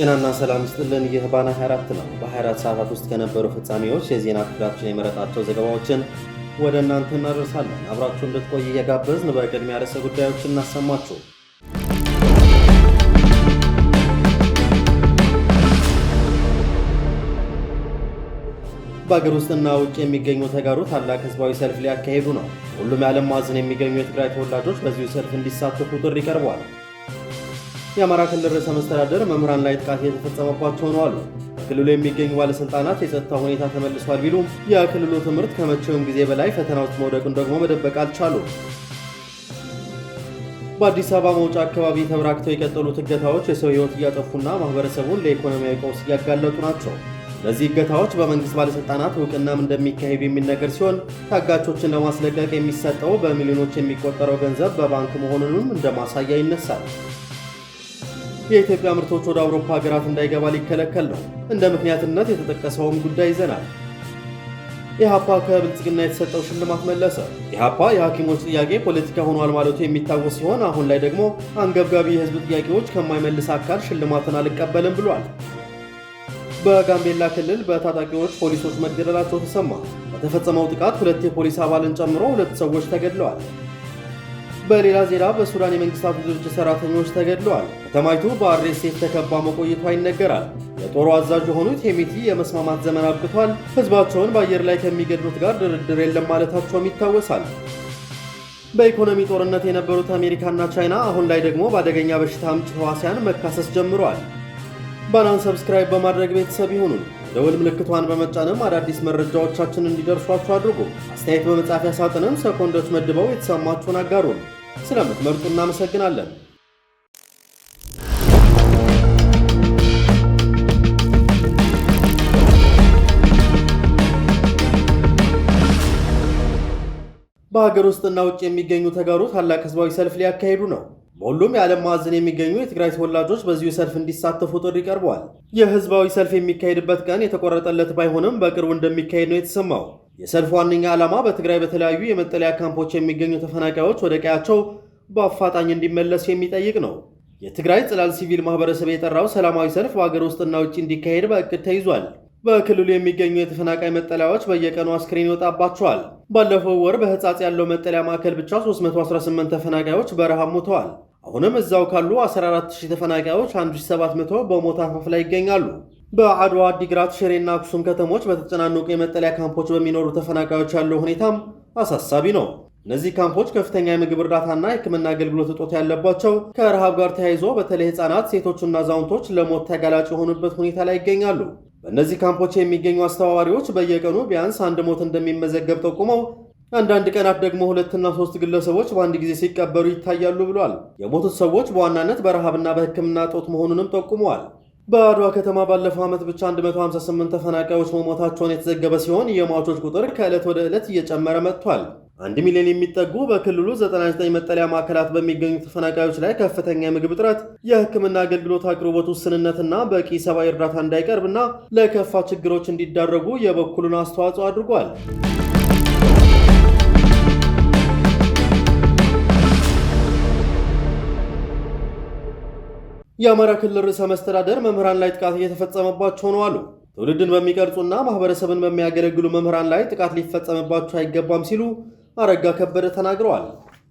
ጤናና ሰላም ስጥልን። ይህ ባና 24 ነው። በ24 ሰዓታት ውስጥ ከነበሩ ፍጻሜዎች የዜና ክፍላችን የመረጣቸው ዘገባዎችን ወደ እናንተ እናደርሳለን። አብራችሁ እንድትቆይ እየጋበዝን በቅድሚያ ርዕሰ ጉዳዮች እናሰማችሁ። በአገር ውስጥና ውጭ የሚገኙ ተጋሩ ታላቅ ህዝባዊ ሰልፍ ሊያካሄዱ ነው። ሁሉም የዓለም ማዕዘን የሚገኙ የትግራይ ተወላጆች በዚሁ ሰልፍ እንዲሳተፉ ጥሪ ቀርቧል። የአማራ ክልል ርዕሰ መስተዳደር መምህራን ላይ ጥቃት የተፈጸመባቸው ነው አሉ። ክልሉ የሚገኙ ባለስልጣናት የጸጥታ ሁኔታ ተመልሷል ቢሉም የክልሉ ትምህርት ከመቼውም ጊዜ በላይ ፈተና ውስጥ መውደቁን ደግሞ መደበቅ አልቻሉ። በአዲስ አበባ መውጫ አካባቢ ተበራክተው የቀጠሉት እገታዎች የሰው ሕይወት እያጠፉና ማህበረሰቡን ለኢኮኖሚያዊ ቀውስ እያጋለጡ ናቸው። እነዚህ እገታዎች በመንግስት ባለሥልጣናት እውቅናም እንደሚካሄዱ የሚነገር ሲሆን ታጋቾችን ለማስለቀቅ የሚሰጠው በሚሊዮኖች የሚቆጠረው ገንዘብ በባንክ መሆኑንም እንደማሳያ ይነሳል። የኢትዮጵያ ምርቶች ወደ አውሮፓ ሀገራት እንዳይገባ ሊከለከል ነው። እንደ ምክንያትነት የተጠቀሰውም ጉዳይ ይዘናል። ኢህአፓ ከብልጽግና የተሰጠው ሽልማት መለሰ። ኢህአፓ የሐኪሞች ጥያቄ ፖለቲካ ሆኗል ማለቱ የሚታወስ ሲሆን አሁን ላይ ደግሞ አንገብጋቢ የህዝብ ጥያቄዎች ከማይመልስ አካል ሽልማትን አልቀበልም ብሏል። በጋምቤላ ክልል በታጣቂዎች ፖሊሶች መገደላቸው ተሰማ። በተፈጸመው ጥቃት ሁለት የፖሊስ አባልን ጨምሮ ሁለት ሰዎች ተገድለዋል። በሌላ ዜና በሱዳን የመንግስታቱ ድርጅት ሰራተኞች ተገድለዋል። ከተማይቱ በአርኤስኤፍ ተከባ መቆየቷ ይነገራል። የጦሩ አዛዥ የሆኑት ሄሜቲ የመስማማት ዘመን አብቅቷል፣ ህዝባቸውን በአየር ላይ ከሚገድሉት ጋር ድርድር የለም ማለታቸውም ይታወሳል። በኢኮኖሚ ጦርነት የነበሩት አሜሪካና ቻይና አሁን ላይ ደግሞ በአደገኛ በሽታ አምጪ ህዋሲያን መካሰስ ጀምረዋል። ባናን ሰብስክራይብ በማድረግ ቤተሰብ ይሁኑን። ደወል ምልክቷን በመጫንም አዳዲስ መረጃዎቻችን እንዲደርሷችሁ አድርጉ። አስተያየት በመጻፊያ ሳጥንም ሰኮንዶች መድበው የተሰማችሁን አጋሩን። ስለምትመርጡ እናመሰግናለን። በሀገር ውስጥና ውጭ የሚገኙ ተጋሩ ታላቅ ህዝባዊ ሰልፍ ሊያካሄዱ ነው። በሁሉም የዓለም ማዕዘን የሚገኙ የትግራይ ተወላጆች በዚሁ ሰልፍ እንዲሳተፉ ጥሪ ቀርቧል። የህዝባዊ ሰልፍ የሚካሄድበት ቀን የተቆረጠለት ባይሆንም በቅርቡ እንደሚካሄድ ነው የተሰማው። የሰልፍ ዋነኛ ዓላማ በትግራይ በተለያዩ የመጠለያ ካምፖች የሚገኙ ተፈናቃዮች ወደ ቀያቸው በአፋጣኝ እንዲመለሱ የሚጠይቅ ነው። የትግራይ ጽላል ሲቪል ማህበረሰብ የጠራው ሰላማዊ ሰልፍ በአገር ውስጥና ውጭ እንዲካሄድ በእቅድ ተይዟል። በክልሉ የሚገኙ የተፈናቃይ መጠለያዎች በየቀኑ አስክሬን ይወጣባቸዋል። ባለፈው ወር በህጻጽ ያለው መጠለያ ማዕከል ብቻ 318 ተፈናቃዮች በረሃብ ሞተዋል። አሁንም እዛው ካሉ 14000 ተፈናቃዮች 1700 በሞት አፋፍ ላይ ይገኛሉ። በአድዋ፣ አዲግራት፣ ሽሬና አክሱም ከተሞች በተጨናነቁ የመጠለያ ካምፖች በሚኖሩ ተፈናቃዮች ያለው ሁኔታም አሳሳቢ ነው። እነዚህ ካምፖች ከፍተኛ የምግብ እርዳታና የሕክምና አገልግሎት እጦት ያለባቸው፣ ከረሃብ ጋር ተያይዞ በተለይ ህፃናት ሴቶችና አዛውንቶች ለሞት ተጋላጭ የሆኑበት ሁኔታ ላይ ይገኛሉ። በእነዚህ ካምፖች የሚገኙ አስተባባሪዎች በየቀኑ ቢያንስ አንድ ሞት እንደሚመዘገብ ጠቁመው አንዳንድ ቀናት ደግሞ ሁለትና ሶስት ግለሰቦች በአንድ ጊዜ ሲቀበሩ ይታያሉ ብሏል። የሞቱት ሰዎች በዋናነት በረሃብና በሕክምና እጦት መሆኑንም ጠቁመዋል። በአድዋ ከተማ ባለፈው ዓመት ብቻ 158 ተፈናቃዮች መሞታቸውን የተዘገበ ሲሆን የሟቾች ቁጥር ከዕለት ወደ ዕለት እየጨመረ መጥቷል። አንድ ሚሊዮን የሚጠጉ በክልሉ 99 መጠለያ ማዕከላት በሚገኙ ተፈናቃዮች ላይ ከፍተኛ የምግብ እጥረት፣ የህክምና አገልግሎት አቅርቦት ውስንነትና በቂ ሰብአዊ እርዳታ እንዳይቀርብና ለከፋ ችግሮች እንዲዳረጉ የበኩሉን አስተዋጽኦ አድርጓል። የአማራ ክልል ርዕሰ መስተዳደር መምህራን ላይ ጥቃት እየተፈጸመባቸው ነው አሉ። ትውልድን በሚቀርጹና ማህበረሰብን በሚያገለግሉ መምህራን ላይ ጥቃት ሊፈጸምባቸው አይገባም ሲሉ አረጋ ከበደ ተናግረዋል።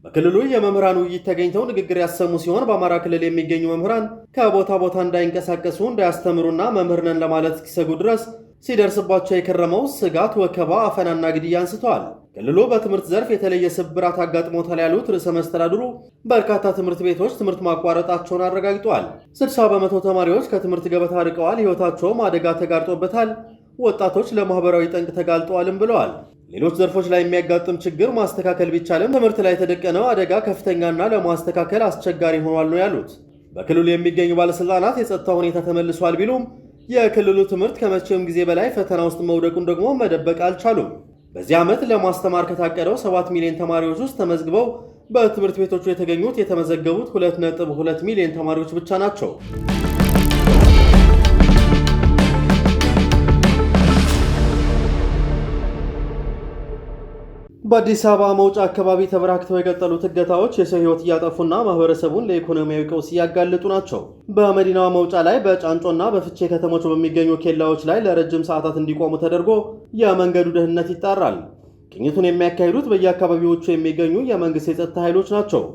በክልሉ የመምህራን ውይይት ተገኝተው ንግግር ያሰሙ ሲሆን በአማራ ክልል የሚገኙ መምህራን ከቦታ ቦታ እንዳይንቀሳቀሱ እንዳያስተምሩና መምህርነን ለማለት እስኪሰጉ ድረስ ሲደርስባቸው የከረመው ስጋት፣ ወከባ፣ አፈናና ግድያ አንስተዋል። ክልሉ በትምህርት ዘርፍ የተለየ ስብራት አጋጥሞታል ያሉት ርዕሰ መስተዳድሩ በርካታ ትምህርት ቤቶች ትምህርት ማቋረጣቸውን አረጋግጠዋል። 60 በመቶ ተማሪዎች ከትምህርት ገበታ ርቀዋል፣ ሕይወታቸውም አደጋ ተጋርጦበታል፣ ወጣቶች ለማህበራዊ ጠንቅ ተጋልጠዋልም ብለዋል። ሌሎች ዘርፎች ላይ የሚያጋጥም ችግር ማስተካከል ቢቻልም ትምህርት ላይ የተደቀነው አደጋ ከፍተኛና ለማስተካከል አስቸጋሪ ሆኗል ነው ያሉት። በክልሉ የሚገኙ ባለሥልጣናት የጸጥታ ሁኔታ ተመልሷል ቢሉም የክልሉ ትምህርት ከመቼውም ጊዜ በላይ ፈተና ውስጥ መውደቁን ደግሞ መደበቅ አልቻሉም። በዚህ ዓመት ለማስተማር ከታቀደው 7 ሚሊዮን ተማሪዎች ውስጥ ተመዝግበው በትምህርት ቤቶቹ የተገኙት የተመዘገቡት 2.2 ሚሊዮን ተማሪዎች ብቻ ናቸው። በአዲስ አበባ መውጫ አካባቢ ተበራክተው የቀጠሉት እገታዎች የሰው ሕይወት እያጠፉና ማህበረሰቡን ለኢኮኖሚያዊ ቀውስ እያጋለጡ ናቸው። በመዲናዋ መውጫ ላይ በጫንጮና በፍቼ ከተሞች በሚገኙ ኬላዎች ላይ ለረጅም ሰዓታት እንዲቆሙ ተደርጎ የመንገዱ ደህንነት ይጣራል። ቅኝቱን የሚያካሂዱት በየአካባቢዎቹ የሚገኙ የመንግሥት የጸጥታ ኃይሎች ናቸው።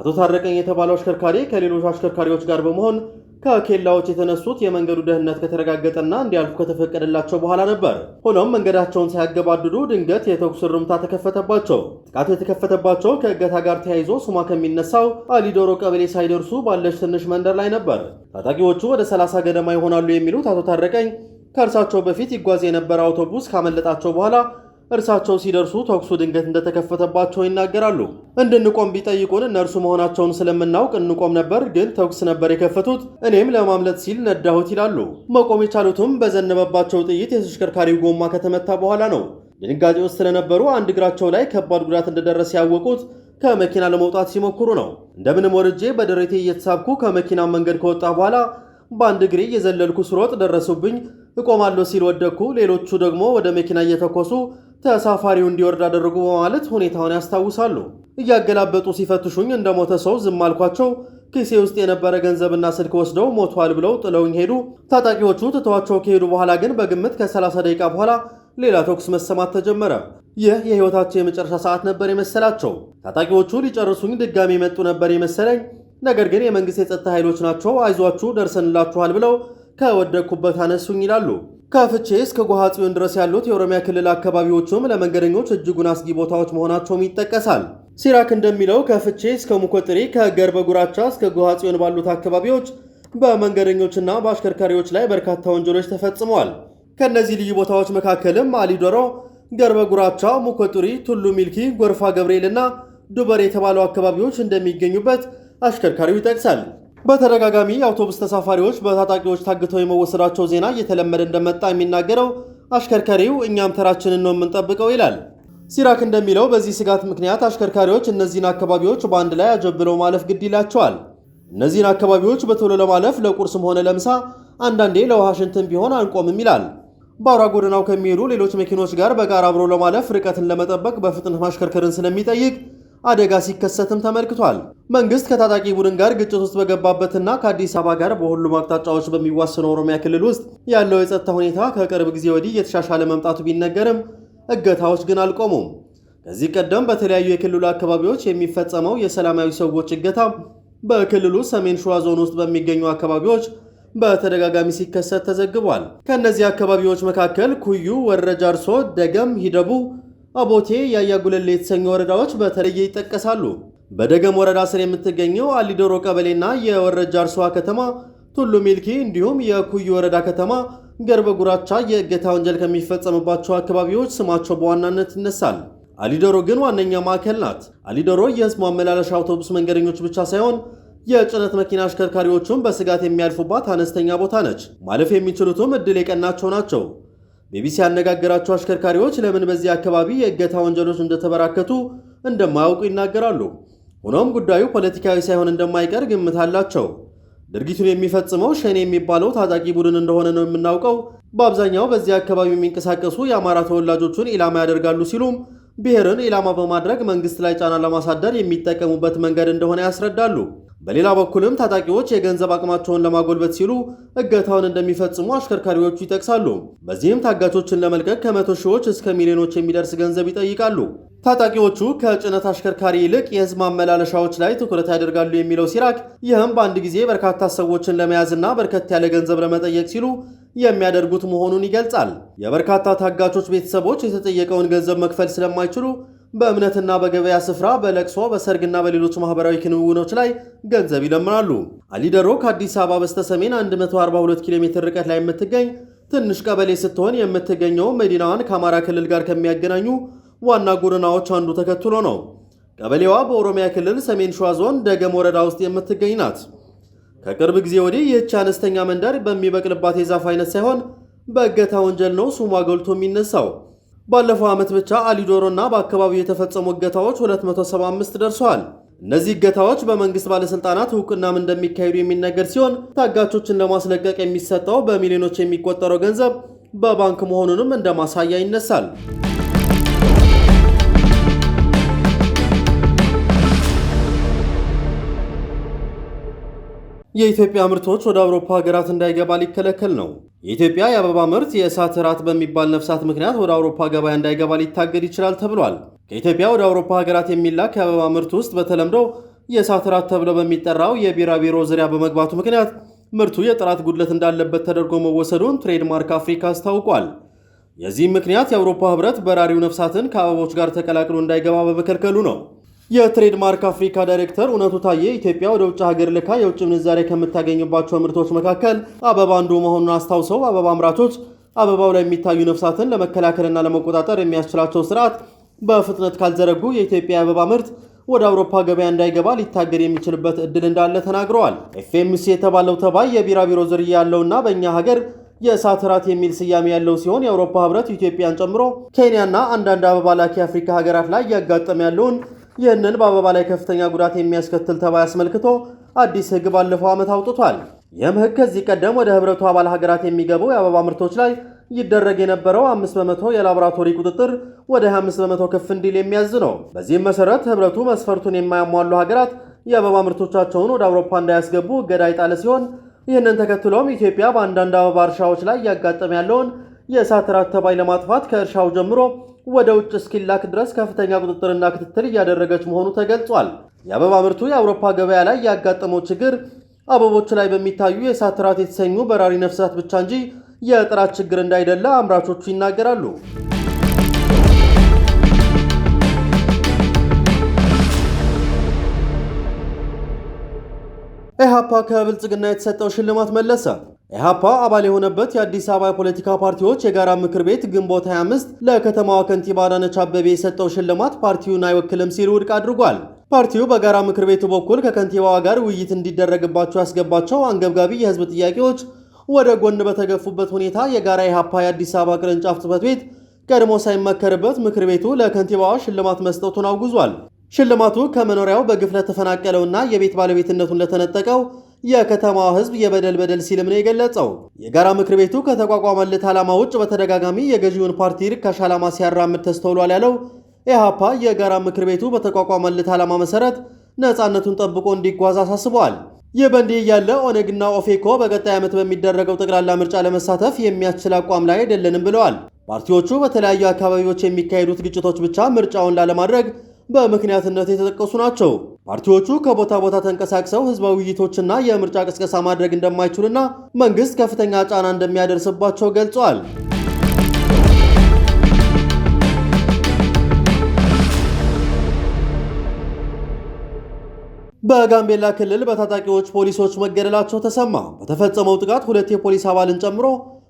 አቶ ታረቀኝ የተባለው አሽከርካሪ ከሌሎች አሽከርካሪዎች ጋር በመሆን ከኬላዎች የተነሱት የመንገዱ ደህንነት ከተረጋገጠና እንዲያልፉ ከተፈቀደላቸው በኋላ ነበር። ሆኖም መንገዳቸውን ሳያገባድዱ ድንገት የተኩስ ርምታ ተከፈተባቸው። ጥቃቱ የተከፈተባቸው ከእገታ ጋር ተያይዞ ስሟ ከሚነሳው አሊዶሮ ቀበሌ ሳይደርሱ ባለች ትንሽ መንደር ላይ ነበር። ታጣቂዎቹ ወደ ሰላሳ ገደማ ይሆናሉ የሚሉት አቶ ታረቀኝ ከእርሳቸው በፊት ይጓዝ የነበረ አውቶቡስ ካመለጣቸው በኋላ እርሳቸው ሲደርሱ ተኩሱ ድንገት እንደተከፈተባቸው ይናገራሉ። እንድንቆም ቢጠይቁን እነርሱ መሆናቸውን ስለምናውቅ እንቆም ነበር፣ ግን ተኩስ ነበር የከፈቱት። እኔም ለማምለጥ ሲል ነዳሁት ይላሉ። መቆም የቻሉትም በዘነበባቸው ጥይት የተሽከርካሪው ጎማ ከተመታ በኋላ ነው። ድንጋጤ ውስጥ ስለነበሩ አንድ እግራቸው ላይ ከባድ ጉዳት እንደደረሰ ያወቁት ከመኪና ለመውጣት ሲሞክሩ ነው። እንደምንም ወርጄ በደረቴ እየተሳብኩ ከመኪና መንገድ ከወጣ በኋላ በአንድ እግሬ እየዘለልኩ ስሮጥ ደረሱብኝ። እቆማለሁ ሲል ወደቅኩ። ሌሎቹ ደግሞ ወደ መኪና እየተኮሱ ተሳፋሪው እንዲወርድ አደረጉ በማለት ሁኔታውን ያስታውሳሉ። እያገላበጡ ሲፈትሹኝ እንደ ሞተ ሰው ዝም አልኳቸው። ኪሴ ውስጥ የነበረ ገንዘብና ስልክ ወስደው ሞቷል ብለው ጥለውኝ ሄዱ። ታጣቂዎቹ ትተዋቸው ከሄዱ በኋላ ግን በግምት ከ30 ደቂቃ በኋላ ሌላ ተኩስ መሰማት ተጀመረ። ይህ የሕይወታቸው የመጨረሻ ሰዓት ነበር የመሰላቸው። ታጣቂዎቹ ሊጨርሱኝ ድጋሚ መጡ ነበር የመሰለኝ። ነገር ግን የመንግስት የጸጥታ ኃይሎች ናቸው አይዟችሁ ደርሰንላችኋል ብለው ከወደቅኩበት አነሱኝ ይላሉ። ከፍቼ እስከ ጎሃ ጽዮን ድረስ ያሉት የኦሮሚያ ክልል አካባቢዎችም ለመንገደኞች እጅጉን አስጊ ቦታዎች መሆናቸውም ይጠቀሳል። ሲራክ እንደሚለው ከፍቼ እስከ ሙኮጥሪ ከገርበ ጉራቻ እስከ ጎሃ ጽዮን ባሉት አካባቢዎች በመንገደኞችና በአሽከርካሪዎች ላይ በርካታ ወንጀሎች ተፈጽመዋል። ከእነዚህ ልዩ ቦታዎች መካከልም አሊዶሮ፣ ገርበ ጉራቻ፣ ሙኮጥሪ፣ ቱሉ ሚልኪ፣ ጎርፋ ገብርኤልና ዱበር የተባሉ አካባቢዎች እንደሚገኙበት አሽከርካሪው ይጠቅሳል። በተደጋጋሚ የአውቶቡስ ተሳፋሪዎች በታጣቂዎች ታግተው የመወሰዳቸው ዜና እየተለመደ እንደመጣ የሚናገረው አሽከርካሪው እኛም ተራችንን ነው የምንጠብቀው ይላል። ሲራክ እንደሚለው በዚህ ስጋት ምክንያት አሽከርካሪዎች እነዚህን አካባቢዎች በአንድ ላይ አጀብለው ማለፍ ግድ ይላቸዋል። እነዚህን አካባቢዎች በቶሎ ለማለፍ ለቁርስም ሆነ ለምሳ አንዳንዴ ለውሃ ሽንትም ቢሆን አንቆምም ይላል። በአውራ ጎዳናው ከሚሄዱ ሌሎች መኪኖች ጋር በጋራ አብሮ ለማለፍ ርቀትን ለመጠበቅ በፍጥነት ማሽከርከርን ስለሚጠይቅ አደጋ ሲከሰትም ተመልክቷል። መንግስት ከታጣቂ ቡድን ጋር ግጭት ውስጥ በገባበትና ከአዲስ አበባ ጋር በሁሉም አቅጣጫዎች በሚዋሰነው ኦሮሚያ ክልል ውስጥ ያለው የጸጥታ ሁኔታ ከቅርብ ጊዜ ወዲህ እየተሻሻለ መምጣቱ ቢነገርም እገታዎች ግን አልቆሙም። ከዚህ ቀደም በተለያዩ የክልሉ አካባቢዎች የሚፈጸመው የሰላማዊ ሰዎች እገታ በክልሉ ሰሜን ሸዋ ዞን ውስጥ በሚገኙ አካባቢዎች በተደጋጋሚ ሲከሰት ተዘግቧል። ከእነዚህ አካባቢዎች መካከል ኩዩ፣ ወረ ጃርሶ፣ ደገም፣ ሂደቡ አቦቴ፣ ያያ ጉለሌ የተሰኙ ወረዳዎች በተለየ ይጠቀሳሉ። በደገም ወረዳ ስር የምትገኘው አሊዶሮ ቀበሌና የወረጃ አርሷ ከተማ፣ ቱሉ ሚልኪ እንዲሁም የኩዩ ወረዳ ከተማ ገርበ ጉራቻ የእገታ ወንጀል ከሚፈጸምባቸው አካባቢዎች ስማቸው በዋናነት ይነሳል። አሊዶሮ ግን ዋነኛ ማዕከል ናት። አሊዶሮ የህዝብ ማመላለሻ አውቶቡስ መንገደኞች ብቻ ሳይሆን የጭነት መኪና አሽከርካሪዎቹም በስጋት የሚያልፉባት አነስተኛ ቦታ ነች። ማለፍ የሚችሉትም እድል የቀናቸው ናቸው። ቢቢሲ ያነጋገራቸው አሽከርካሪዎች ለምን በዚህ አካባቢ የእገታ ወንጀሎች እንደተበራከቱ እንደማያውቁ ይናገራሉ። ሆኖም ጉዳዩ ፖለቲካዊ ሳይሆን እንደማይቀር ግምት አላቸው። ድርጊቱን የሚፈጽመው ሸኔ የሚባለው ታጣቂ ቡድን እንደሆነ ነው የምናውቀው። በአብዛኛው በዚህ አካባቢ የሚንቀሳቀሱ የአማራ ተወላጆቹን ኢላማ ያደርጋሉ ሲሉም ብሔርን ኢላማ በማድረግ መንግስት ላይ ጫና ለማሳደር የሚጠቀሙበት መንገድ እንደሆነ ያስረዳሉ። በሌላ በኩልም ታጣቂዎች የገንዘብ አቅማቸውን ለማጎልበት ሲሉ እገታውን እንደሚፈጽሙ አሽከርካሪዎቹ ይጠቅሳሉ። በዚህም ታጋቾችን ለመልቀቅ ከመቶ ሺዎች እስከ ሚሊዮኖች የሚደርስ ገንዘብ ይጠይቃሉ። ታጣቂዎቹ ከጭነት አሽከርካሪ ይልቅ የህዝብ ማመላለሻዎች ላይ ትኩረት ያደርጋሉ የሚለው ሲራክ፣ ይህም በአንድ ጊዜ በርካታ ሰዎችን ለመያዝና በርከት ያለ ገንዘብ ለመጠየቅ ሲሉ የሚያደርጉት መሆኑን ይገልጻል። የበርካታ ታጋቾች ቤተሰቦች የተጠየቀውን ገንዘብ መክፈል ስለማይችሉ በእምነትና በገበያ ስፍራ፣ በለቅሶ በሰርግና በሌሎች ማህበራዊ ክንውኖች ላይ ገንዘብ ይለምናሉ። አሊደሮ ከአዲስ አበባ በስተሰሜን 142 ኪሎ ሜትር ርቀት ላይ የምትገኝ ትንሽ ቀበሌ ስትሆን የምትገኘው መዲናዋን ከአማራ ክልል ጋር ከሚያገናኙ ዋና ጎዳናዎች አንዱ ተከትሎ ነው። ቀበሌዋ በኦሮሚያ ክልል ሰሜን ሸዋ ዞን ደገም ወረዳ ውስጥ የምትገኝ ናት። ከቅርብ ጊዜ ወዲህ ይህች አነስተኛ መንደር በሚበቅልባት የዛፍ አይነት ሳይሆን በእገታ ወንጀል ነው ስሟ ገልቶ የሚነሳው። ባለፈው ዓመት ብቻ አሊዶሮ እና በአካባቢው የተፈጸሙ እገታዎች 275 ደርሰዋል። እነዚህ እገታዎች በመንግስት ባለስልጣናት እውቅናም እንደሚካሄዱ የሚነገር ሲሆን ታጋቾችን ለማስለቀቅ የሚሰጠው በሚሊዮኖች የሚቆጠረው ገንዘብ በባንክ መሆኑንም እንደ ማሳያ ይነሳል። የኢትዮጵያ ምርቶች ወደ አውሮፓ ሀገራት እንዳይገባ ሊከለከል ነው። የኢትዮጵያ የአበባ ምርት የእሳት እራት በሚባል ነፍሳት ምክንያት ወደ አውሮፓ ገበያ እንዳይገባ ሊታገድ ይችላል ተብሏል። ከኢትዮጵያ ወደ አውሮፓ ሀገራት የሚላክ የአበባ ምርት ውስጥ በተለምዶ የእሳት እራት ተብሎ በሚጠራው የቢራቢሮ ዝርያ በመግባቱ ምክንያት ምርቱ የጥራት ጉድለት እንዳለበት ተደርጎ መወሰዱን ትሬድማርክ አፍሪካ አስታውቋል። የዚህም ምክንያት የአውሮፓ ህብረት በራሪው ነፍሳትን ከአበቦች ጋር ተቀላቅሎ እንዳይገባ በመከልከሉ ነው። የትሬድማርክ አፍሪካ ዳይሬክተር እውነቱ ታዬ ኢትዮጵያ ወደ ውጭ ሀገር ልካ የውጭ ምንዛሬ ከምታገኝባቸው ምርቶች መካከል አበባ አንዱ መሆኑን አስታውሰው አበባ አምራቾች አበባው ላይ የሚታዩ ነፍሳትን ለመከላከልና ለመቆጣጠር የሚያስችላቸው ስርዓት በፍጥነት ካልዘረጉ የኢትዮጵያ የአበባ ምርት ወደ አውሮፓ ገበያ እንዳይገባ ሊታገድ የሚችልበት እድል እንዳለ ተናግረዋል። ኤፍኤምሲ የተባለው ተባይ የቢራቢሮ ዝርያ ያለውና በእኛ ሀገር የእሳት ራት የሚል ስያሜ ያለው ሲሆን የአውሮፓ ህብረት ኢትዮጵያን ጨምሮ ኬንያና አንዳንድ አበባ ላኪ አፍሪካ ሀገራት ላይ እያጋጠመ ያለውን ይህንን በአበባ ላይ ከፍተኛ ጉዳት የሚያስከትል ተባይ አስመልክቶ አዲስ ህግ ባለፈው ዓመት አውጥቷል። ይህም ህግ ከዚህ ቀደም ወደ ህብረቱ አባል ሀገራት የሚገቡ የአበባ ምርቶች ላይ ይደረግ የነበረው 5 በመቶ የላቦራቶሪ ቁጥጥር ወደ 25 በመቶ ከፍ እንዲል የሚያዝ ነው። በዚህም መሰረት ህብረቱ መስፈርቱን የማያሟሉ ሀገራት የአበባ ምርቶቻቸውን ወደ አውሮፓ እንዳያስገቡ እገዳ ይጣለ ሲሆን ይህንን ተከትሎም ኢትዮጵያ በአንዳንድ አበባ እርሻዎች ላይ እያጋጠመ ያለውን የእሳት ራት ተባይ ለማጥፋት ከእርሻው ጀምሮ ወደ ውጭ እስኪላክ ድረስ ከፍተኛ ቁጥጥርና ክትትል እያደረገች መሆኑ ተገልጿል። የአበባ ምርቱ የአውሮፓ ገበያ ላይ ያጋጠመው ችግር አበቦች ላይ በሚታዩ የሳትራት የተሰኙ በራሪ ነፍሳት ብቻ እንጂ የጥራት ችግር እንዳይደለ አምራቾቹ ይናገራሉ። ኢህአፓ ከብልጽግና የተሰጠው ሽልማት መለሰ። ኢህአፓ አባል የሆነበት የአዲስ አበባ የፖለቲካ ፓርቲዎች የጋራ ምክር ቤት ግንቦት 25 ለከተማዋ ከንቲባ አዳነች አበቤ የሰጠው ሽልማት ፓርቲውን አይወክልም ሲል ውድቅ አድርጓል። ፓርቲው በጋራ ምክር ቤቱ በኩል ከከንቲባዋ ጋር ውይይት እንዲደረግባቸው ያስገባቸው አንገብጋቢ የህዝብ ጥያቄዎች ወደ ጎን በተገፉበት ሁኔታ የጋራ ኢህአፓ የአዲስ አበባ ቅርንጫፍ ጽፈት ቤት ቀድሞ ሳይመከርበት ምክር ቤቱ ለከንቲባዋ ሽልማት መስጠቱን አውግዟል። ሽልማቱ ከመኖሪያው በግፍ ለተፈናቀለውና የቤት ባለቤትነቱን ለተነጠቀው የከተማዋ ሕዝብ የበደል በደል ሲልም ነው የገለጸው። የጋራ ምክር ቤቱ ከተቋቋመለት ዓላማ ውጭ በተደጋጋሚ የገዢውን ፓርቲ ርካሽ ዓላማ ሲያራምድ ተስተውሏል ያለው ኢህአፓ የጋራ ምክር ቤቱ በተቋቋመለት ዓላማ መሰረት ነፃነቱን ጠብቆ እንዲጓዝ አሳስበዋል። ይህ በእንዲህ እያለ ኦነግና ኦፌኮ በቀጣይ ዓመት በሚደረገው ጠቅላላ ምርጫ ለመሳተፍ የሚያስችል አቋም ላይ አይደለንም ብለዋል። ፓርቲዎቹ በተለያዩ አካባቢዎች የሚካሄዱት ግጭቶች ብቻ ምርጫውን ላለማድረግ በምክንያትነት የተጠቀሱ ናቸው። ፓርቲዎቹ ከቦታ ቦታ ተንቀሳቅሰው ህዝባዊ ውይይቶችና የምርጫ ቅስቀሳ ማድረግ እንደማይችሉና መንግስት ከፍተኛ ጫና እንደሚያደርስባቸው ገልጸዋል። በጋምቤላ ክልል በታጣቂዎች ፖሊሶች መገደላቸው ተሰማ። በተፈጸመው ጥቃት ሁለት የፖሊስ አባልን ጨምሮ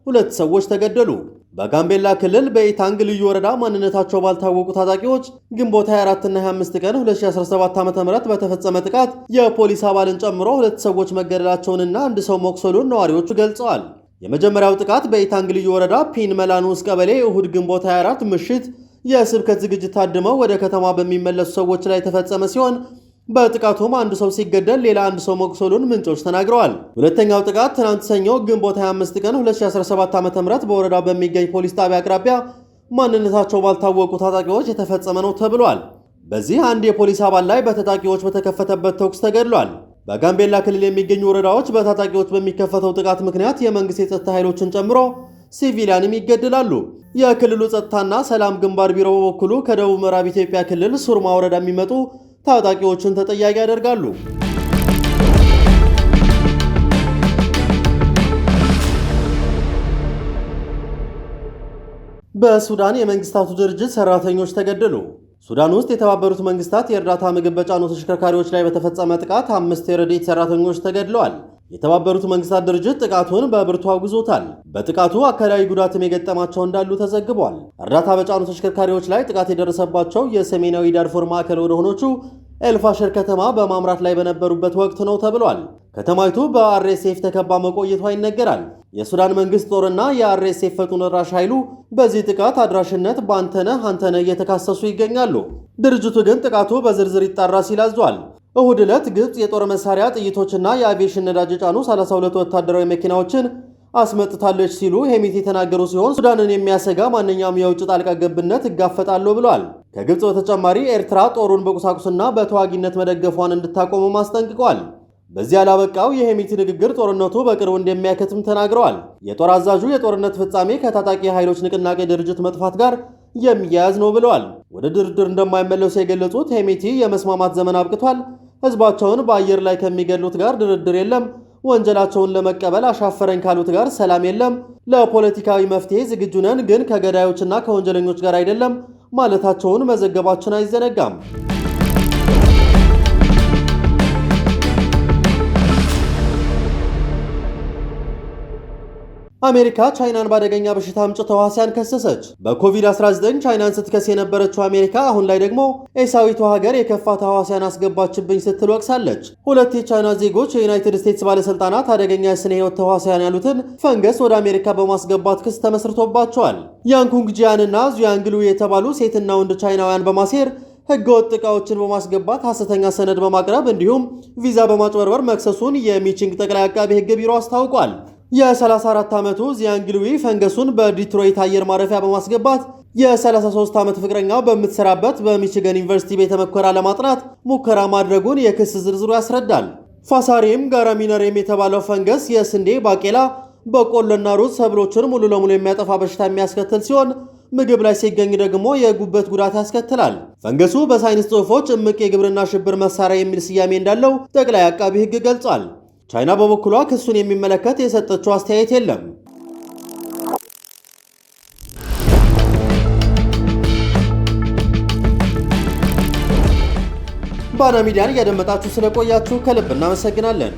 ሁለት ሰዎች ተገደሉ። በጋምቤላ ክልል በኢታንግ ልዩ ወረዳ ማንነታቸው ባልታወቁ ታጣቂዎች ግንቦት 24 እና 25 ቀን 2017 ዓ.ም በተፈጸመ ጥቃት የፖሊስ አባልን ጨምሮ ሁለት ሰዎች መገደላቸውንና አንድ ሰው መቁሰሉን ነዋሪዎቹ ገልጸዋል። የመጀመሪያው ጥቃት በኢታንግ ልዩ ወረዳ ፒን መላኑስ ቀበሌ እሁድ ግንቦት 24 ምሽት የስብከት ዝግጅት ታድመው ወደ ከተማ በሚመለሱ ሰዎች ላይ የተፈጸመ ሲሆን በጥቃቱም አንድ ሰው ሲገደል ሌላ አንድ ሰው መቁሰሉን ምንጮች ተናግረዋል። ሁለተኛው ጥቃት ትናንት ሰኞ ግንቦት 25 ቀን 2017 ዓ.ም በወረዳው በሚገኝ ፖሊስ ጣቢያ አቅራቢያ ማንነታቸው ባልታወቁ ታጣቂዎች የተፈጸመ ነው ተብሏል። በዚህ አንድ የፖሊስ አባል ላይ በታጣቂዎች በተከፈተበት ተኩስ ተገድሏል። በጋምቤላ ክልል የሚገኙ ወረዳዎች በታጣቂዎች በሚከፈተው ጥቃት ምክንያት የመንግሥት የጸጥታ ኃይሎችን ጨምሮ ሲቪሊያንም ይገድላሉ። የክልሉ ጸጥታና ሰላም ግንባር ቢሮ በበኩሉ ከደቡብ ምዕራብ ኢትዮጵያ ክልል ሱርማ ወረዳ የሚመጡ ታጣቂዎቹን ተጠያቂ ያደርጋሉ። በሱዳን የመንግስታቱ ድርጅት ሰራተኞች ተገደሉ። ሱዳን ውስጥ የተባበሩት መንግስታት የእርዳታ ምግብ በጫኑ ተሽከርካሪዎች ላይ በተፈጸመ ጥቃት አምስት የረድኤት ሰራተኞች ተገድለዋል። የተባበሩት መንግስታት ድርጅት ጥቃቱን በብርቱ አውግዞታል። በጥቃቱ አካላዊ ጉዳትም የገጠማቸው እንዳሉ ተዘግቧል። እርዳታ በጫኑ ተሽከርካሪዎች ላይ ጥቃት የደረሰባቸው የሰሜናዊ ዳርፎር ማዕከል ወደ ሆኖቹ ኤልፋሽር ከተማ በማምራት ላይ በነበሩበት ወቅት ነው ተብሏል። ከተማይቱ በአርኤስኤፍ ተከባ መቆየቷ ይነገራል። የሱዳን መንግስት ጦርና የአርኤስኤፍ ፈጥኖ ደራሽ ኃይሉ በዚህ ጥቃት አድራሽነት በአንተነህ አንተነህ እየተካሰሱ ይገኛሉ። ድርጅቱ ግን ጥቃቱ በዝርዝር ይጣራ ሲል አዟል። እሁድ ዕለት ግብፅ የጦር መሳሪያ ጥይቶችና የአቪዬሽን ነዳጅ የጫኑ 32 ወታደራዊ መኪናዎችን አስመጥታለች ሲሉ ሄሚቲ የተናገሩ ሲሆን ሱዳንን የሚያሰጋ ማንኛውም የውጭ ጣልቃ ገብነት እጋፈጣለሁ ብሏል። ከግብፅ በተጨማሪ ኤርትራ ጦሩን በቁሳቁስና በተዋጊነት መደገፏን እንድታቆሙ አስጠንቅቋል። በዚህ ያላበቃው የሄሚቲ ንግግር ጦርነቱ በቅርቡ እንደሚያከትም ተናግረዋል። የጦር አዛዡ የጦርነት ፍጻሜ ከታጣቂ ኃይሎች ንቅናቄ ድርጅት መጥፋት ጋር የሚያያዝ ነው ብለዋል። ወደ ድርድር እንደማይመለሱ የገለጹት ሄሚቲ የመስማማት ዘመን አብቅቷል ህዝባቸውን በአየር ላይ ከሚገሉት ጋር ድርድር የለም። ወንጀላቸውን ለመቀበል አሻፈረኝ ካሉት ጋር ሰላም የለም። ለፖለቲካዊ መፍትሄ ዝግጁ ነን፣ ግን ከገዳዮችና ከወንጀለኞች ጋር አይደለም ማለታቸውን መዘገባችን አይዘነጋም። አሜሪካ ቻይናን በአደገኛ በሽታ አምጪ ተዋሲያን ከሰሰች። በኮቪድ-19 ቻይናን ስትከስ የነበረችው አሜሪካ አሁን ላይ ደግሞ ኤሳዊቷ ሀገር የከፋ ተዋሲያን አስገባችብኝ ስትል ወቅሳለች። ሁለት የቻይና ዜጎች የዩናይትድ ስቴትስ ባለስልጣናት አደገኛ የስነ ሕይወት ተዋሲያን ያሉትን ፈንገስ ወደ አሜሪካ በማስገባት ክስ ተመስርቶባቸዋል። ያንኩንግ እና ዙያንግሉ የተባሉ ሴትና ወንድ ቻይናውያን በማሴር ህገወጥ እቃዎችን በማስገባት ሐሰተኛ ሰነድ በማቅረብ እንዲሁም ቪዛ በማጭበርበር መክሰሱን የሚቺንግ ጠቅላይ አቃቤ ህግ ቢሮ አስታውቋል። የ34 ዓመቱ ዚያን ግሉዊ ፈንገሱን በዲትሮይት አየር ማረፊያ በማስገባት የ33 ዓመት ፍቅረኛው በምትሰራበት በሚችገን ዩኒቨርሲቲ ቤተ ሙከራ ለማጥናት ሙከራ ማድረጉን የክስ ዝርዝሩ ያስረዳል። ፋሳሪም ጋራሚነሬም የተባለው ፈንገስ የስንዴ፣ ባቄላ፣ በቆሎና ሩዝ ሰብሎችን ሙሉ ለሙሉ የሚያጠፋ በሽታ የሚያስከትል ሲሆን ምግብ ላይ ሲገኝ ደግሞ የጉበት ጉዳት ያስከትላል። ፈንገሱ በሳይንስ ጽሑፎች እምቅ የግብርና ሽብር መሳሪያ የሚል ስያሜ እንዳለው ጠቅላይ አቃቢ ሕግ ገልጿል። ቻይና በበኩሏ ክሱን የሚመለከት የሰጠችው አስተያየት የለም። ባና ሚዲያን እያደመጣችሁ ስለቆያችሁ ከልብ እናመሰግናለን።